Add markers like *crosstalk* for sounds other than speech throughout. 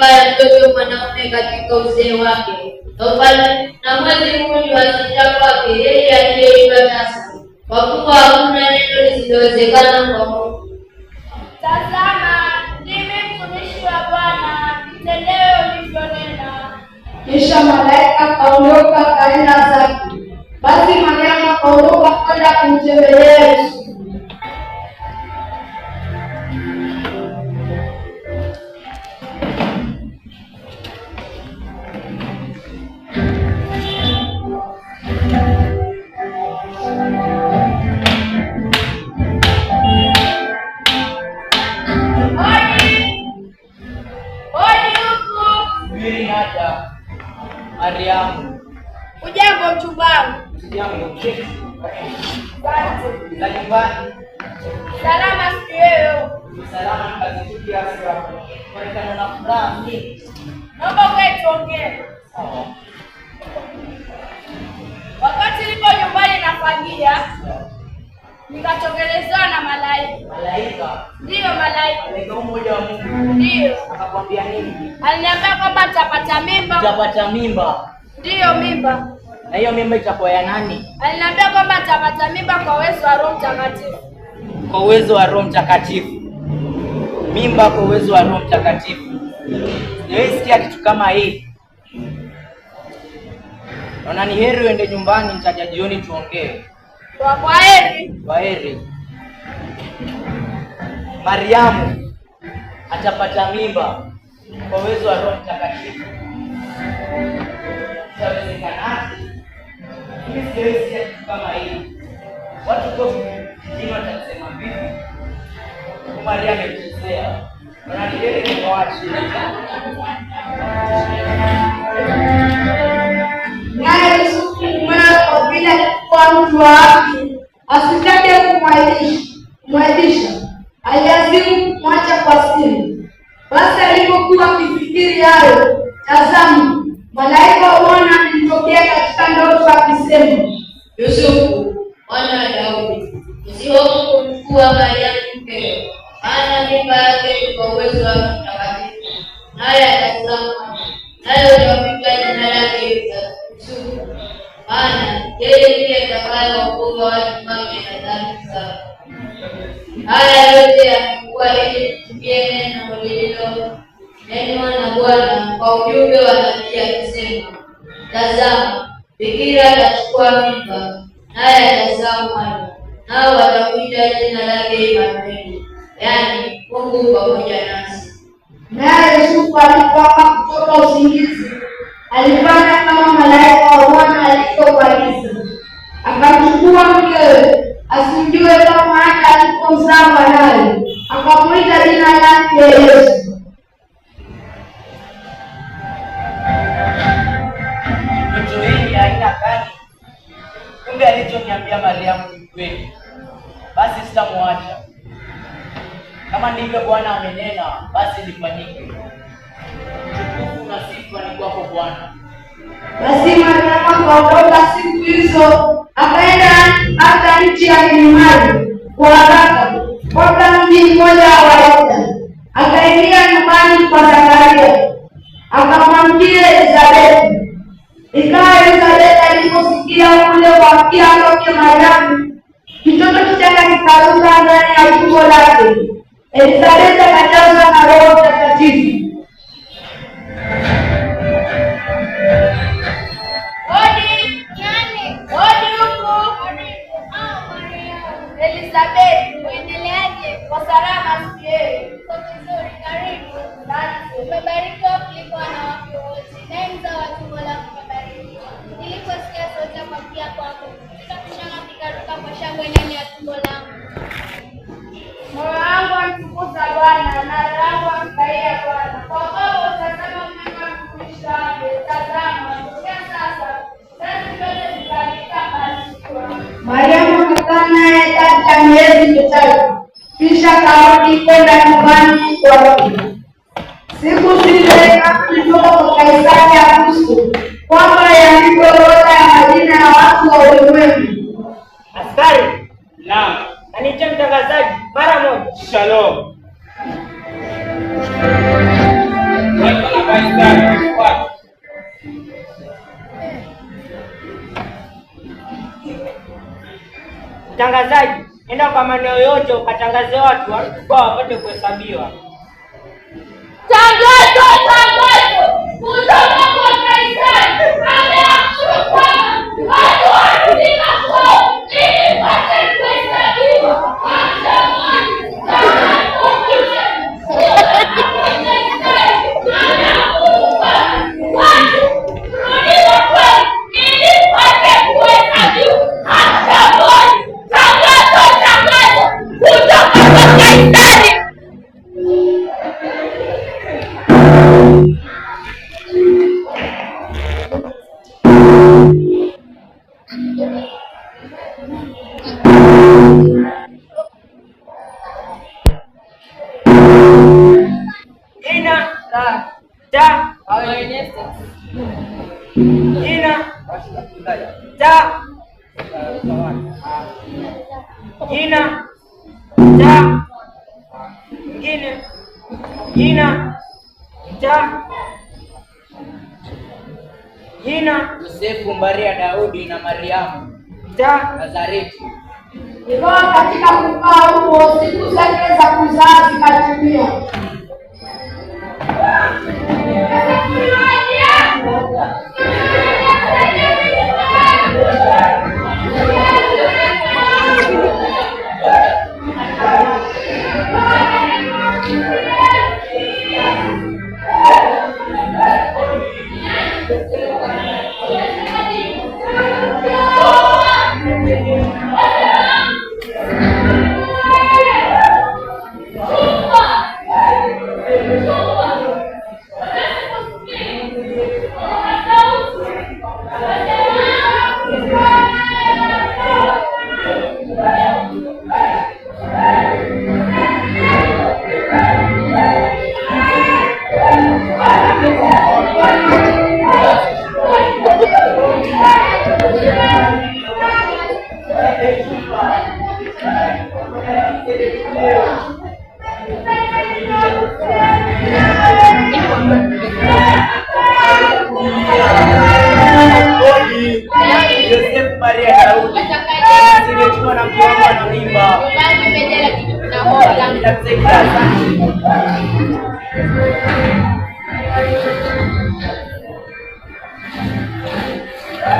Watu mwanaume katika uzee wake na ufalme huli wa sita kwake yeye aliyeiva nafsi, kwa kuwa hakuna neno lisilowezekana kwa Mungu. Tazama, ndimi mtumishi wa Bwana, nitendewe ulivyonena. Kisha malaika akaondoka akaenda zake. Basi Mariamu akaondoka kwenda kumtembelea Yesu. nikalia nikachongelezewa na malaika. Malaika ndiyo malaika, malaika mmoja wa Mungu ndiyo akakwambia nini? Aliniambia kwamba nitapata mimba. Nitapata mimba, ndiyo mimba. Na hiyo mimba itakuwa ya nani? Aliniambia kwamba nitapata mimba kwa uwezo wa Roho Mtakatifu. Kwa uwezo wa Roho Mtakatifu, mimba kwa uwezo wa Roho Mtakatifu. Sijawahi sikia kitu kama hii. Naona ni heri uende nyumbani, nitaja jioni tuongee. Kwaheri. Kwaheri. Mariamu atapata mimba kwa uwezo wa Roho Mtakatifu. Itawezekanaje? kama hii. Watu kofu watasema vipi? Maria amechezea, bila kwa mtu wa haki asitake kumwaidisha, aliazimu kumwacha kwa siri. Basi alipokuwa akifikiri hayo, tazama, malaika wa Bwana alimtokea katika ndoto akisema, Yusufu mwana wa Daudi, usihofu kumchukua kuumba watu na dhambi zao. Haya yote yamekuwa ili tutumie neno lililonenwa na Bwana kwa ujumbe wa nabii akisema, tazama, bikira atachukua mimba, naye atazaa mwana, nao watakuita jina lake Imanueli, yaani Mungu pamoja nasi. Naye Yusufu alipoamka kutoka usingizi alifanya kama malaika wa Bwana alivyoagiza akachukua mkewe asimjue kama hata alipomzaa mwanawe, akamwita jina lake Yesu. Ndoto hii aina gani? Kumbe alichoniambia Mariamu ni kweli, basi sitamwacha. Kama ndivyo Bwana amenena, basi lifanyike. Utukufu na sifa ni kwako Bwana. Basi Mariamu akaondoka siku hizo akaenda hata nchi ya Kilimali kwa haraka kabla mji mmoja hawaenda. Akaingia nyumbani kwa Zakaria akamwambia elizabeti Ikawa elizabeti aliposikia kule kuamkia kwake Mariamu, kitoto kichanga kikaruka ndani ya tumbo lake. elizabeti akaja naye katika miezi mitatu, kisha karudi kwenda nyumbani kwake. Siku zile kama kwa Kaisari Augusto, kwamba yandikwe orodha ya majina ya watu wa ulimwengu. Askari naam, mtangazaji mara moja. Shalom. Mtangazaji, enda kwa maeneo yote ukatangaze watu kwa wapate kuhesabiwa. Tangazo, tangazo. jina mtaa mwingine jina mtaa jina Yosefu Maria Daudi na Mariamu mtaa Nazareti. Nikawa katika kukaa huo siku zake za kuzaa zikatimia.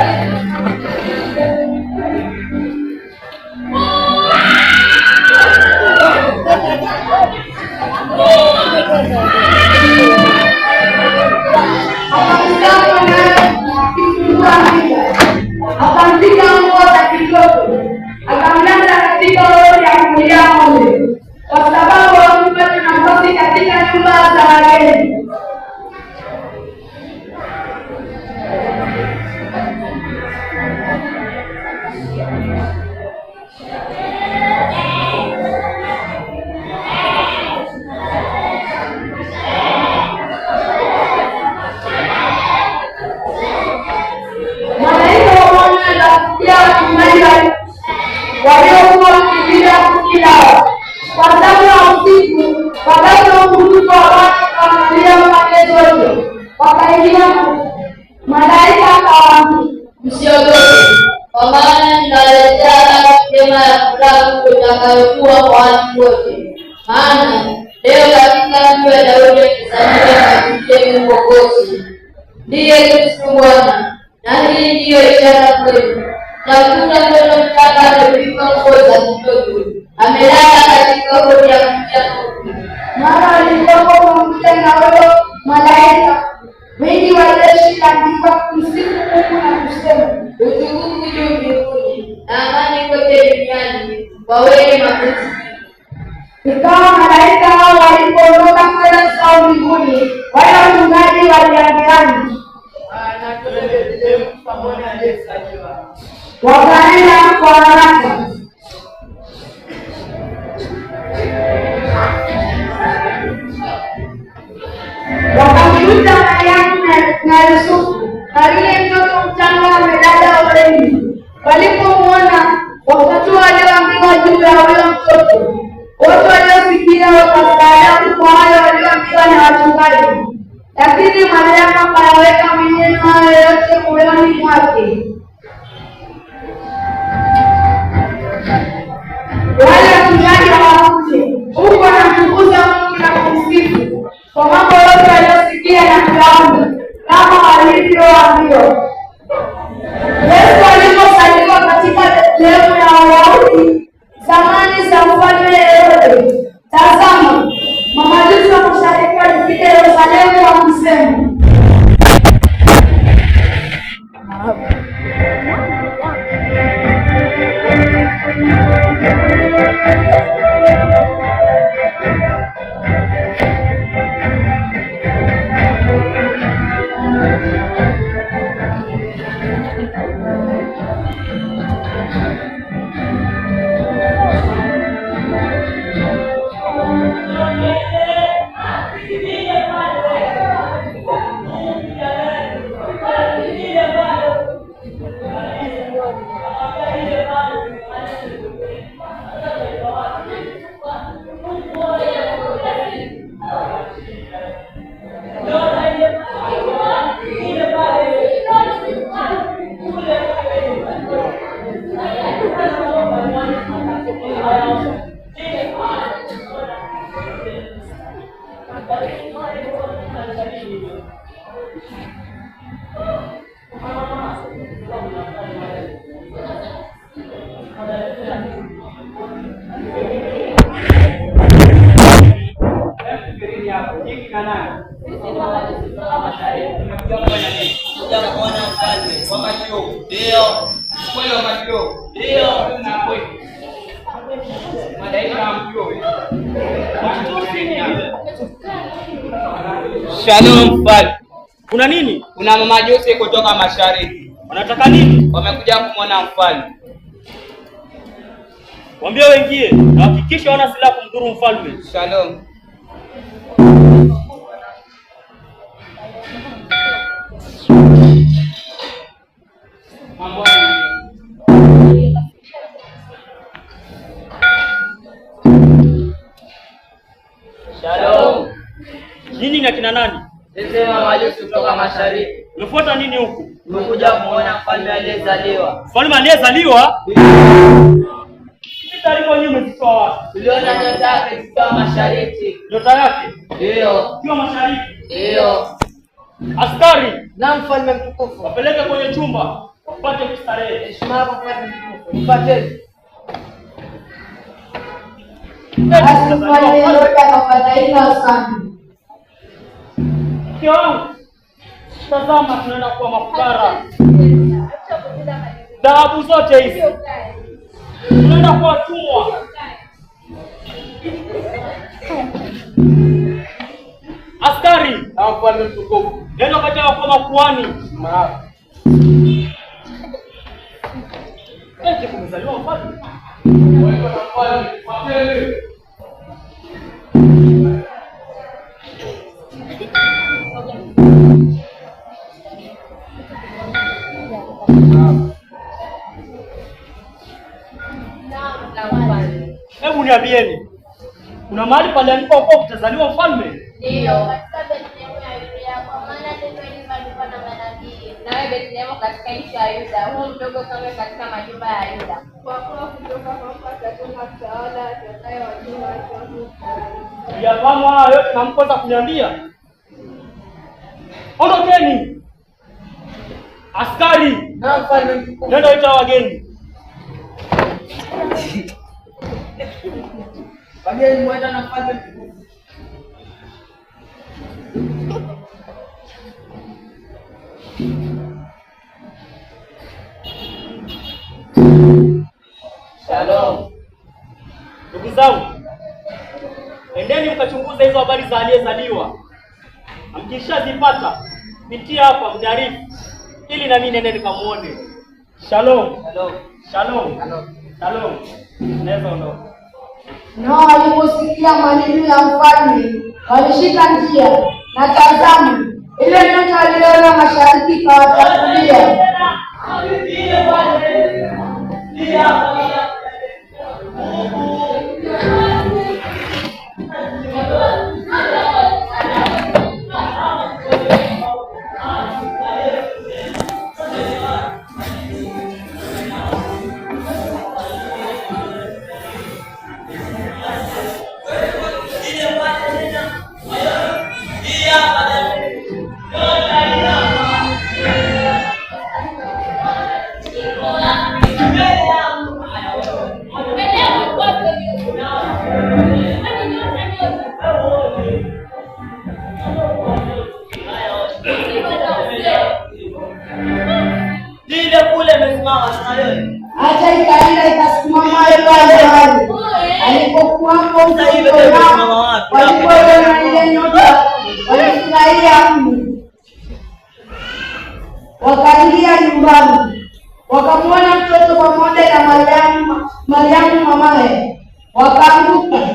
É. Maana leo katika mji wa Daudi amekusanyika Mwokozi, ndiye Kristo Bwana, na hii ndiyo ishara kwenu. Tafuta mtoto mchanga amevikwa nguo za kitoto, amelala katika hori ya kucha. Mara alipokuwa na huyo malaika wengi wajeshi jeshi katika msiku Mungu na kusema, utukufu juu mbinguni na amani kote duniani kwa wenye mapenzi Ikawa malaika hao walipoondoka kwenda zao mbinguni, wala wachungaji waliambiani, wakaenda kwa haraka wakamkuta Mariamu na Yusufu na yule mtoto mchanga amedada wawili. Walipomwona wakatoa lawama juu ya huyo mtoto Wote waliosikia wakastaajabu kwa hayo walioambiwa na wachungaji. Lakini Mariamu akayaweka maneno hayo yote moyoni mwake. Wale wachungaji hawakuja huku wanamtukuza Mungu na kumsifu kwa mambo yote waliosikia na kuyaona kama walivyoambiwa. Bwana, tunakuja kuona mfalme wa Ndio kweli, wa ndio na kweli, madaika Shalom kuna nini? Kuna mamajusi kutoka mashariki. Wanataka nini? Wamekuja kumwona mfalme. Waambie wengie na hakikisha wana silaha kumdhuru mfalme. Shalom. akina nani? Sema majusi kutoka mashariki. Umefuata nini huku? Umekuja kuona mfalme aliyezaliwa. Mfalme aliyezaliwa? Taarifa nyingi umezitoa wapi? Uliona nyota yake ikiwa mashariki. Nyota yake? Ndio. Ikiwa mashariki? Ndio. Askari na mfalme mtukufu, wapeleke kwenye chumba wapate kustarehe. Heshima yako mfalme mtukufu, mpate. Basi mfalme yote akafadhaika sana. Mke wangu, tazama, tunaenda kuwa makubara. Dhahabu zote hizi tunaenda kuwa watumwa. Askari, nenda katika kuwa makuani. mahali pale alipokuwa kutazaliwa mfalme. Ndio, katika Bethlehemu ya Yuda, kwa maana toka nyuma alikuwa na manabii. Nawe Bethlehemu katika nchi ya Yuda, huu mdogo kama katika majumba ya Yuda, kwa kuwa kutoka kwa mfalme atatuma mtawala atakaye wajua watu wake. Yafahamu haya yote na kuniambia, ondokeni askari, nenda ita wageni *laughs* Baadaye na mfalme mtukufu. Shalom. Ndugu zangu, endeni mkachunguza hizo habari za aliyezaliwa. Mkishazipata pitia hapa mdarifu, ili na mimi nende nikamuone. Shalom. Shalom. Shalom. Shalom. Shalom. Shalom. Shalom. Nao waliposikia maneno ya mfalme walishika njia, na tazama, ile nyota waliona mashariki ikawatafulia walifurahia mji, wakaingia nyumbani, wakamwona mtoto pamoja na Mariamu, Mariamu mamaye, wakaanguka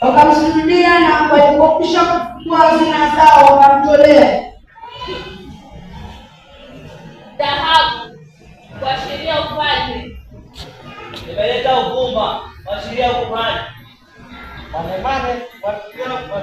wakamsujudia, na walipokwisha kufungua hazina zao wakamtolea dhahabu kuashiria ufalme, kupeleka uvumba kuashiria ukuhani manemane wapigana kwa